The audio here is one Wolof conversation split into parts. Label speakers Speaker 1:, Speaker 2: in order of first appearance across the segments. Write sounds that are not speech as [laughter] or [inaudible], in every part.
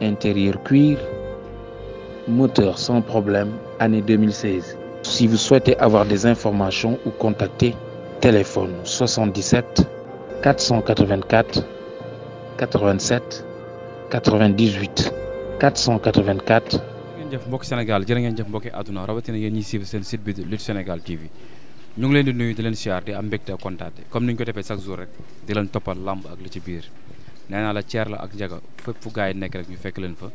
Speaker 1: intérieur cuir, moteur sans problème, année 2016. Si vous souhaitez avoir des informations ou contacter, téléphone 77 484 87 98 484. ngeen jëf mbokki Sénégal jërë ngeen jëf mbokki àdduna rawatina yéen ñi suivre seen site bi Lutte Sénégal TV ñu ngi leen di nuy di leen siyaar di am mbégte kontaate comme ni ñu ko defee chaque jour rek di leen toppal lamb ak li ci biir. nee naa la ceer la ak njaga fépp fu gars nekk rek ñu fekk leen fa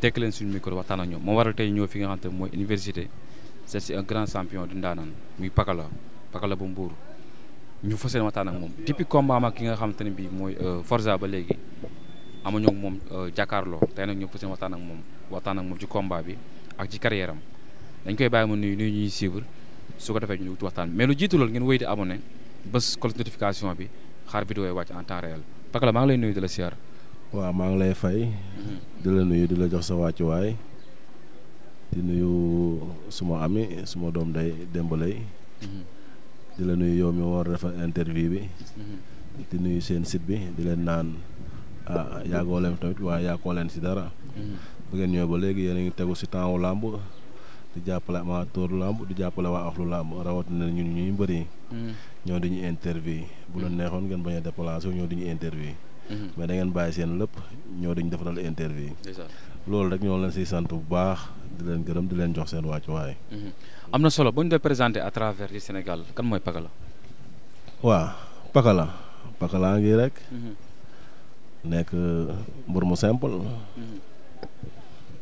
Speaker 1: tekk leen suñu micro waxtaan ak ñoom moo waral tey ñëw fi nga xam te mooy université c'est si un grand champion di ndaanaan muy Pakala Pakala ba Mbour ñu fas yéene waxtaan ak moom depuis combat ak ki nga xam te ne bii mooy euh, Forza ba léegi amuñu ak moom euh, jàkkaarloo tey nag ñu fas yéene waxtaan ak moom waxtaan ak moom ci combat bi ak ci carrière am dañ koy bàyyi ma nuyu nuyu ñuy suivre su ko defee ñu wut waxtaan mais lu jiitu loolu ngeen wéy di abonné bés cloche bi xaar vidéo yi wàcc en temps réel. Pakala maa ngi lay nuyu di la siyaar.
Speaker 2: waaw maa ngi lay fay. di la nuyu di la jox sa wàccuwaay. di nuyu suma ami suma doom day démb lay di la nuyu yow mi war defal interview bi. di nuyu seen site bi di leen naan ah yaagoo leen tamit waaye yaakoo leen si dara. Mm-hmm. bu ngeen ñëw ba léegi yéen a ngi tegu si temps wu làmb. di jàppale amateur lamb di jàppale waa axlu lamb rawatina ñun ñuy mbëri hmm. ñoo di ñu interview bu la hmm. neexoon ngeen bañ a déplacé ñoo di ñu interview hmm. mais da ngeen bàyyi seen lépp ñoo di ñu defaral interview loolu rek ñoo leen siy sant bu baax di leen gërëm di leen jox seen wàccuwaay.
Speaker 1: am na solo bu ñu koy présenté à travers du Sénégal kan mooy Pakala.
Speaker 2: waaw Pakala Pakala ngi rek. nekk euh, mbër mu simple.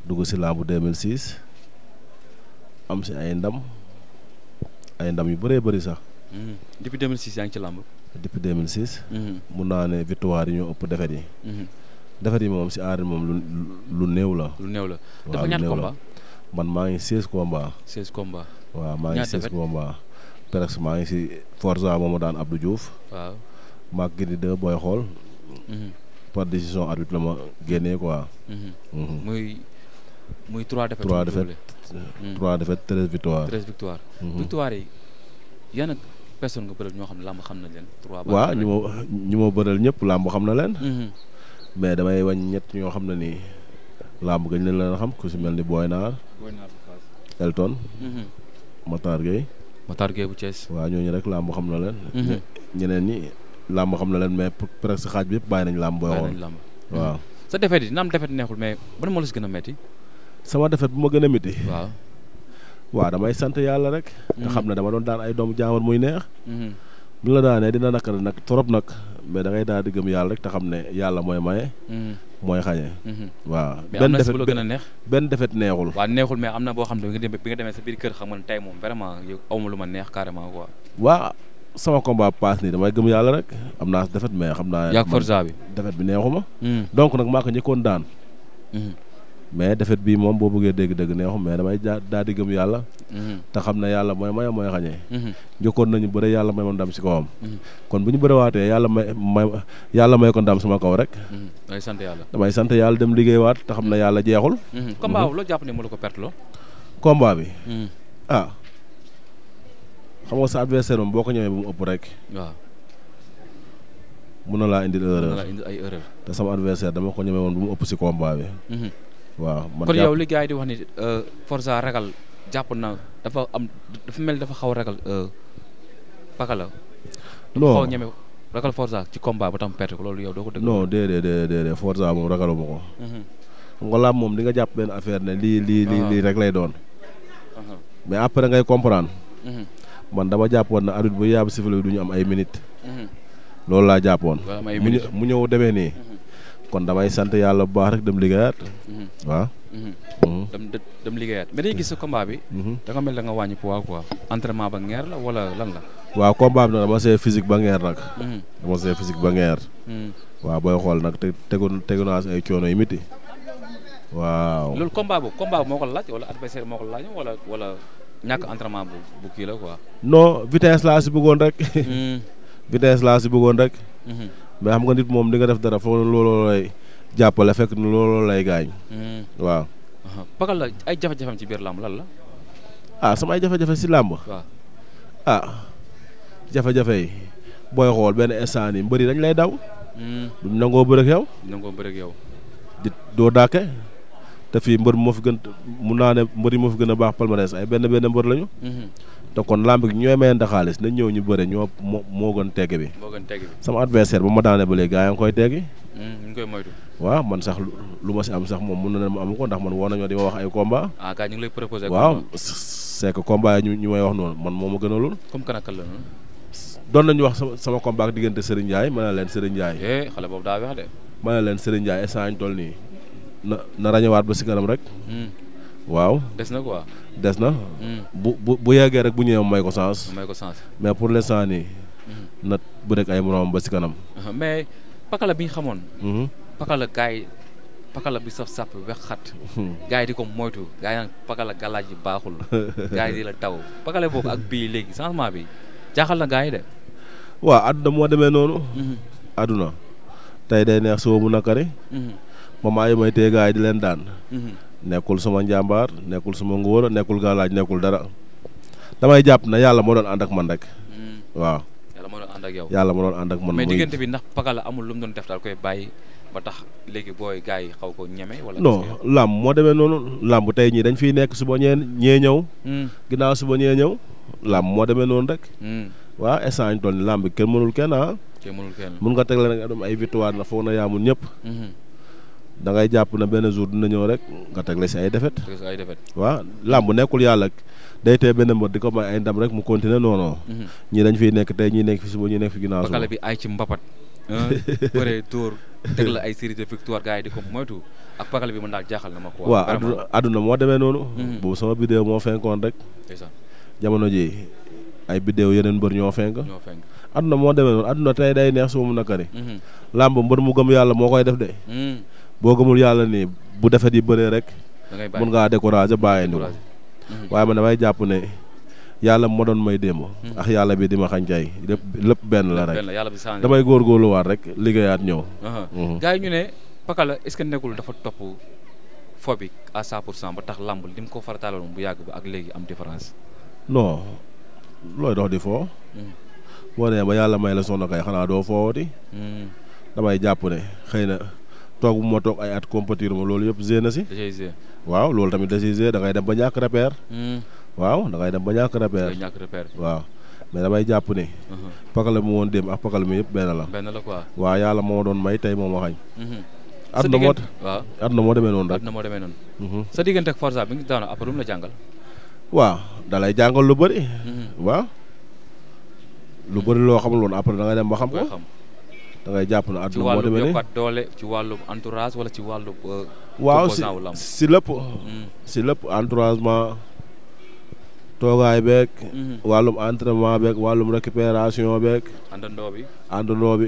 Speaker 2: dugg si lamb 2006. am si ay ndam ay ndam yu bëree bëri sax.
Speaker 1: Hmm. depuis 2006 yaa ngi ci làmb.
Speaker 2: depuis 2006. Hmm. mun naa ne victoire yi ñoo ëpp defet yi. Hmm. defet yi moom si aar moom lu lu néew la. lu néew la dafa man maa ngi 16 combat. 16
Speaker 1: combat. waaw maa ngi 16
Speaker 2: combat. presque maa ngi si Forza moomu daan Abdou Diouf. waaw maa de booy xool. par décision arbitre la ma génnee quoi.
Speaker 1: muy muy 3 défaites. 3 défaites Mm-hmm. trois défaites treize victoires. treize victoires. Mm-hmm. victoire yi yan ak nga bëral ñoo xam ne làmb xam na leen. trois waaw ñu ma
Speaker 2: ñu ma bëral ñëpp xam na leen. Mm-hmm. mais damay wañ ñett ñoo xam ne nii làmb gañ leen leen xam ku si mel ni Boy Naar. Boy Naar Elton. Matar Gueye. Matar Gueye bu Thiès. waaw ñooñu rek làmb xam na leen. ñeneen ñi làmb xam na leen mais presque xaaj bi yëpp bàyyi nañ làmb booy xool. waaw
Speaker 1: sa defet yi dina am neexul mais ban moo la si gën a metti
Speaker 2: sama defet bu ma gën a métti. waaw waaw damay sant yàlla rek. nga mm-hmm. xam ne dama doon daan ay doomu jaamur muy neex. Mm-hmm. bu la daanee dina nakari nag trop nag mais da ngay daal di gëm yàlla rek te xam ne yàlla mooy maye. Mm-hmm. mooy xañe. waaw benn defet mais am na gën a neex. benn defet neexul.
Speaker 1: waaw neexul mais am na boo xam ne bi nga demee sa biir kër xam nga tey moom vraiment ma lu ma neex carrément quoi.
Speaker 2: waaw sama combat paas nii damay gëm yàlla rek am naa defet mais xam naa. yaa bi defet bi neexuma. Mm. donc nag maa ko njëkkoon daan. mais defet bii moom boo bëggee dégg-dégg neexu mais damay jaa daal di gëm yàlla. Mhm. te xam na yàlla mooy maye mooy xañee. Mhm. njëkkoon nañu bëre yàlla may ma ndam si kawam. Mhm. kon bu ñu bërewaatee yàlla may may yàlla may ko ndam sama kaw rek. damay sant yàlla damay sant yàlla dem liggéeywaat te xam na yàlla jeexul.
Speaker 1: combat jàpp ne mu la ko perte loo.
Speaker 2: combat bi. Ah. xam nga sa adversaire moom boo ko ñëwee bu mu ëpp rek. waaw. mun na laa indil erreur ay erreur. te sama adversaire dama ko ñëwee woon ba mu ëpp si combat bi. waaw man kon yow
Speaker 1: li gars yi di wax ni euh, Forza ragal jàpp na dafa am dafa mel dafa xaw ragal euh, Pakala. non xaw ñeme ragal Forza ci combat ba tam perte ko loolu yow doo ko dëgg. non
Speaker 2: déedéet déedéet mhm. nga laam moom di nga jàpp benn affaire ne lii lii lii ah. lii rek lay doon. Uh-huh. mais après ngay comprendre. Mhm. man dama jàppoon na arbitre bu yàbb sifflet bi du ñu am ay minit mhm. loolu laa jàppoon. mu ñëw demee nii. kon damay sant yàlla bu baax rek dem liggéeyaat. Mm-hmm. waaw. Mm-hmm. Mm-hmm.
Speaker 1: dem dem liggéeyaat mais dañuy gis sa combat bi. da nga mel da nga a poids a entraînement ba ngeer la wala lan la.
Speaker 2: waaw combat bi nag dama see physique ba ngeer nag. dama see physique ba ngeer. waaw booy xool nag te tegu tegu naa si ay coono yu métti. waaw loolu
Speaker 1: combat boobu combat boobu moo ko laaj wala adversaire moo ko laaj wala ñàkk entraînement bu kii la quoi.
Speaker 2: non vitesse laa si bëggoon rek. [laughs] vitesse laa si bëggoon rek. mais xam nga nit moom di nga def dara foog looloo lay jàppale fekk loolu lay gaañ. Hmm. waaw.
Speaker 1: Pakala ay jafe-jafem ci biir làmb lan la.
Speaker 2: ah sama ay jafe-jafe si làmb. waaw ah jafe-jafe booy xool benn instant yi mbëri dañ lay daw. Hmm. du nangoo bëreeg yow.
Speaker 1: nangoo bëreeg yow.
Speaker 2: doo dàkke. te fii mbër moo fi gën mun naa ne mbër moo fi gën a baax palmarès ay benn benn mbër lañu. Mhm. te kon lamb gi ñooy mayante xaalis nañ ñëw ñu bëre ñoo moo gën tegg bi. moo gën tegg bi sama adversaire ba ma daane ba léegi gars yaa ngi koy teggi.
Speaker 1: Mhm, ñu ngi koy moytu.
Speaker 2: waaw man sax lu ma si am sax moom mun na ne ma amu ko ndax man woo nañoo di ma wax ay combat. ah gars lay proposé. waaw c'est que combat yi ñu may wax noonu man moo ma gënalul.
Speaker 1: comme kan ak la noonu.
Speaker 2: doon nañu wax sama sama combat ak diggante Serigne Ndiaye ma ne leen Serigne eh, xale boobu daa weex de. ma ne leen Serigne Ndiaye instant nii na na rañewaat ba si kanam rek. Hmm. waaw des na quoi. des na. Hmm. bu bu bu yeggee rek bu ñëwee may ko sens. may ko sens mais pour l'instant nii. Hmm. na bu rek ay moroomam ba si kanam.
Speaker 1: Uh-huh. mais pakala bi ñu xamoon. Mm-hmm. pakala gars bi saf sàpp wex xat. gars di ko moytu gars yi naan pakala galaaj yi baaxul. gars di la taw pakala boobu ak bii léegi changement bi jaaxal na gars yi de.
Speaker 2: waaw àdduna moo demee noonu. Mm-hmm. àdduna tey day neex suba mu nakari. Mm-hmm. moment yi may téye gars yi di leen daan. Mhm. nekkul sama njàmbaar nekkul sama ngóor nekkul gaa laaj nekkul dara damay jàpp na yàlla moo doon ànd ak man rek. Mhm. waaw yàlla moo ànd ak yow. yàlla moo doon ànd ak man mais bi
Speaker 1: ndax Pakala amul lu mu doon def daal koy bàyyi ba tax léegi booy yi xaw ko
Speaker 2: ñeme. wala non làmb moo demee noonu làmb tey ñii dañ fiy nekk suba ñee ñee ñëw. Hmm. ginnaaw suba ñee ñëw làmb moo demee noonu rek. Hmm. waa instant ñu toll nii làmb kenn mënul kenn ah. kenn mënul kenn mun nga teg a ak ay victoire na foog na yaa mun ñëpp. Hmm. da ngay jàpp na benn jour dina ñëw rek nga tegle si ay defet ay defet waaw làmb nekkul yàlla day tee benn mbër di ko may ay ndam rek mu continuer noonu. Mhm. ñii dañ fi nekk tey ñii nekk fi suba ñii nekk fi ginnaaw suba.
Speaker 1: bi ay ci mbapat. [laughs] bëre dóor teg la ay série de victoire gars yi di ko moytu ak pakale jaaxal na ma ko waaw aduna
Speaker 2: aduna moo demee noonu. Mhm. boobu sama vidéo moo fenkoon rek. jamono ji ay vidéo yeneen mbër ñoo fenk. ñoo fenk aduna moo demee noonu aduna tey day neex su ma mun a kari. Mhm. làmb mbër mu gëm yàlla moo koy def de. boo gëmul yàlla nii bu defet yi bëree rek. mun ngaa découragé bàyyi ñu ko. Mhm. waaye man damay jàpp ne yàlla ma doon may démb. Mhm. ak yàlla bi di ma xañ tey lépp lépp benn la rek. damay góorgóorluwaat rek liggéeyaat ñëw. Uh-huh. Mhm. gars
Speaker 1: yi ñu ne Pakala est-ce que nekkul dafa topp fo bi à 100 pour cent ba tax làmb li mu ko farataaloon bu yàgg ba ak léegi am différence.
Speaker 2: non looy dox di foo. boo nee ba yàlla may la sonn kay xanaa doo foowati. damay jàpp ne xëy na. toog moo toog ay at compétir ma loolu yëpp gée na si. waaw loolu tamit da ciy gée dem ba ñàkk repère. Hmm. waaw da ngay dem ba ñàkk repère. ñàkk repère waaw. mais damay jàpp ne. Uh-huh. pakala mu woon dem ak pakala mi yëpp benn la. benn la quoi a yàlla doon may tey moo a xañ. Uh-huh. sa at na moo waaw demee noonu rek. at moo demee noonu. Uh-huh.
Speaker 1: sa diggante ak Forza bi nga daan après lu mu
Speaker 2: waaw da jàngal lu bëri. waaw lu bëri loo xamul woon après da ngay dem ba xam ko. da ngay jàpp ne àdduna moo demee ne ci wàllum
Speaker 1: yokkat doole ci wàllum entourage wala ci wàllum. Euh,
Speaker 2: waaw si si lépp. Mm. si lépp entouragement toogaay beeg. Mm-hmm. wàllum entraînement beeg wàllum récupération beeg. àndandoo bi. àndandoo bi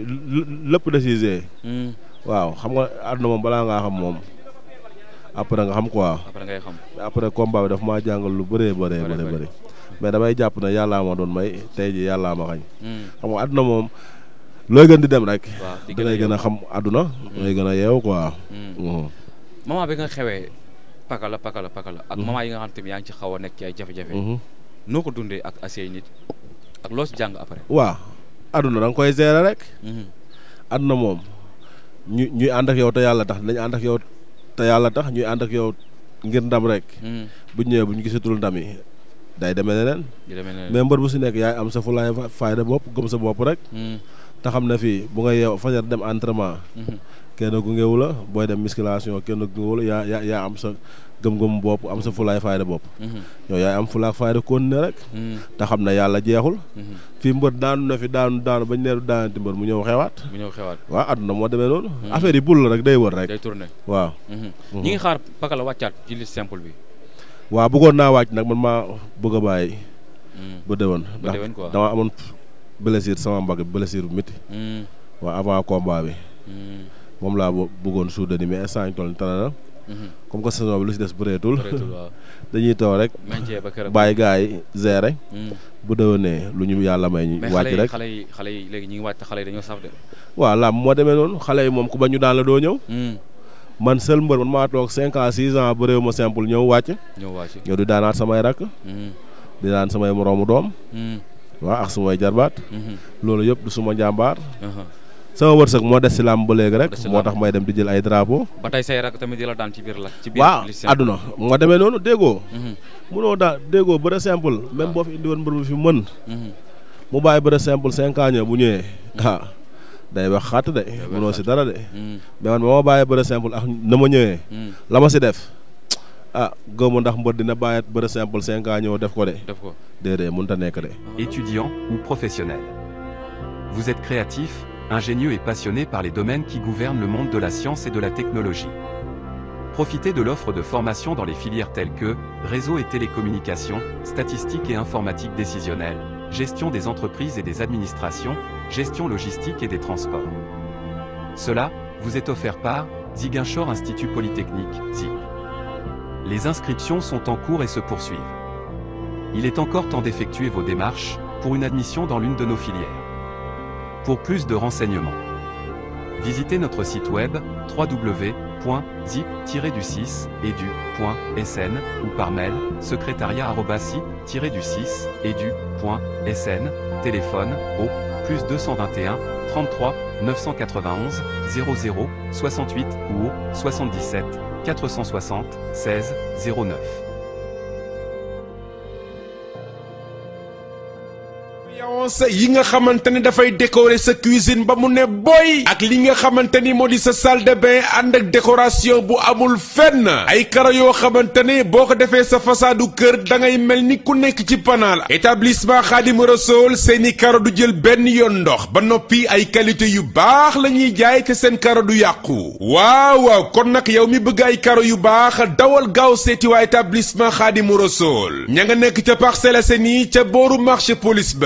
Speaker 2: lépp décisé. Mm. waaw xam nga àdduna moom balaa ngaa xam moom. après nga xam quoi. après ngay xam après combat bi daf maa jàngal lu bëree bëree bëri. mais damay jàpp ne yàllaa ma doon may tey ji yàllaa xañ. Mm. xam nga àdduna moom. looy gën di dem rek. waaw di gën a gën a xam àdduna. looy gën a yeew quoi. Mm. Mm-hmm.
Speaker 1: moment bi nga xewee paka la paka la la ak mm-hmm. moment yi nga xam tamit yaa ngi ci xaw a nekk ci ay jafe-jafe. Mm-hmm. noo ko dundee ak asey nit ak loo si jàng après.
Speaker 2: waaw àdduna da koy gérer rek. àdduna moom ñu ñuy ànd ak yow te yàlla tax nañ ànd ak yow te yàlla tax ñuy ànd ak yow ngir ndam rek. Mm. bu ñëwee bu ñu gisatul ndam yi. day demee neneen. mais mbër bu si nekk yaay am sa fulaay fayda bopp gëm sa bopp rek. Mm. te xam ne fii bu nga yeew fajar dem entraînement. Mhm. kenn gungewu la booy dem musculation kenn gungewu la yaa yaa am sa gëm-gëm bopp am sa fulaay fayda bopp. Mhm. yow yaay am fulaak fayda kon ne rek. Mhm. te xam ne yàlla jeexul. fii mbër daanu na fi daanu daanu bañ neeru daanati mbër mu ñëw xewaat. mu ñëw xewaat waaw àdduna moo demee noonu. affaire yi bul la rek day wër rek. day tourné waaw. ñi ngi
Speaker 1: xaar Pakala wàccaat ci simple bi.
Speaker 2: waa bëggoon naa wàcc nag man maa bëgg a bàyyi. ba déwén ndax dama blessure sama mbagg blessure bu métti. Mm. waaw avant combat bi. Mm. moom laa bëggoon soudani mais instant ñu toll nii tane na. Mm-hmm. comme que saison bi lu si des bëreetul. [laughs] dañuy taw rek. bàyyi gars yi gérer. Mm. bu déwénee lu ñu yàlla may ñu. wàcc rek xale
Speaker 1: yi xale yi léegi ñu ngi wàcc xale dañoo saf de.
Speaker 2: waaw moo demee noonu xale yi moom ku ba ñu daan la doo ñëw. man seul mbër man maa toog cinq ans six ans bëreewu ma simple ñëw wàcc. ñëw wàcc ñëw di daanaat samay rakk. di daan samay moroomu doom. waaw ak sumay jarbaat. Mhm. loolu yëpp du suma jàmbaar. Uh-huh. sama wërsëg moo des si làmb ba léegi rek. moo tax may dem di jël ay drapeau.
Speaker 1: ba tey say rak tamit di daan ci biir la. ci biir waaw àdduna moo
Speaker 2: demee noonu déggoo. Mhm. munoo daal déggoo bëre simple. même boo fi indiwoon mbër bu fi mën. Mhm. mu bàyyi bëre simple cinq ans bu ñëwee. Ah, day wax xatt de. munoo si dara de. mais man ba ma bàyyi bëre simple ak na ma ñëwee. la ma si def. ah gëmmu ndax mbër dina bàyyi bëre simple cinq ans def ko de. def ko déedéet mënut a nekk de. étudiant ou professionnel. Vous êtes créatif,
Speaker 1: ingénieux et passionné par les domaines qui gouvernent le monde de la science et de la technologie. Profitez de l'offre de formation dans les filières telles que réseau et télécommunications, statistiques et informatique décisionnelle, gestion des entreprises et des administrations, gestion logistique et des transports. Cela vous est offert par Ziguinchor Les inscriptions sont en cours et se poursuivent. Il est encore temps d'effectuer vos démarches pour une admission dans l'une de nos filières. Pour plus de renseignements, visitez notre site web www.zip-du6edu.sn ou par mail secrétariat-du6edu.sn, téléphone au plus 221 33 991 00 68 ou au 460 16 09.
Speaker 2: conseil yi nga xamante ne dafay décorer sa cuisine ba mu ne boy ak li nga xamante ni moo di sa salle de ànd ak décoration bu amul fenn ay karo yoo xamante ne boo ko defee sa façadu kër da ngay mel ni ku nekk ci panaal établissement Khadim Rassoul seeni karo du jël benn yoon ndox ba noppi ay qualité yu baax la ñuy jaay te seen karo du yàqu waaw waaw kon nag yow mi bëgg ay karo yu baax dawal gaaw seeti waa établissement Khadim Rassoul ña nga nekk ca Parcelles Assainies ca booru marché police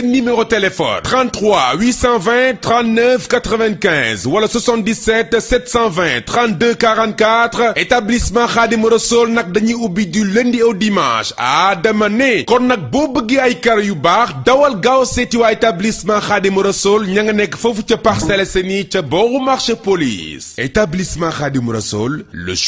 Speaker 2: seen numéro téléphone 33 820 39 95 wala vingt 77 720 32 44 établissement Khadim Rassoul nag dañuy ubbi du lundi o dimanche ah dama ne kon nag boo bëggee ay kar yu baax dawal gaaw seeti waa établissement Khadim Rassoul ña nga nekk foofu ca Parcelles Assainies ca booru marché police établissement Khadim Rassoul le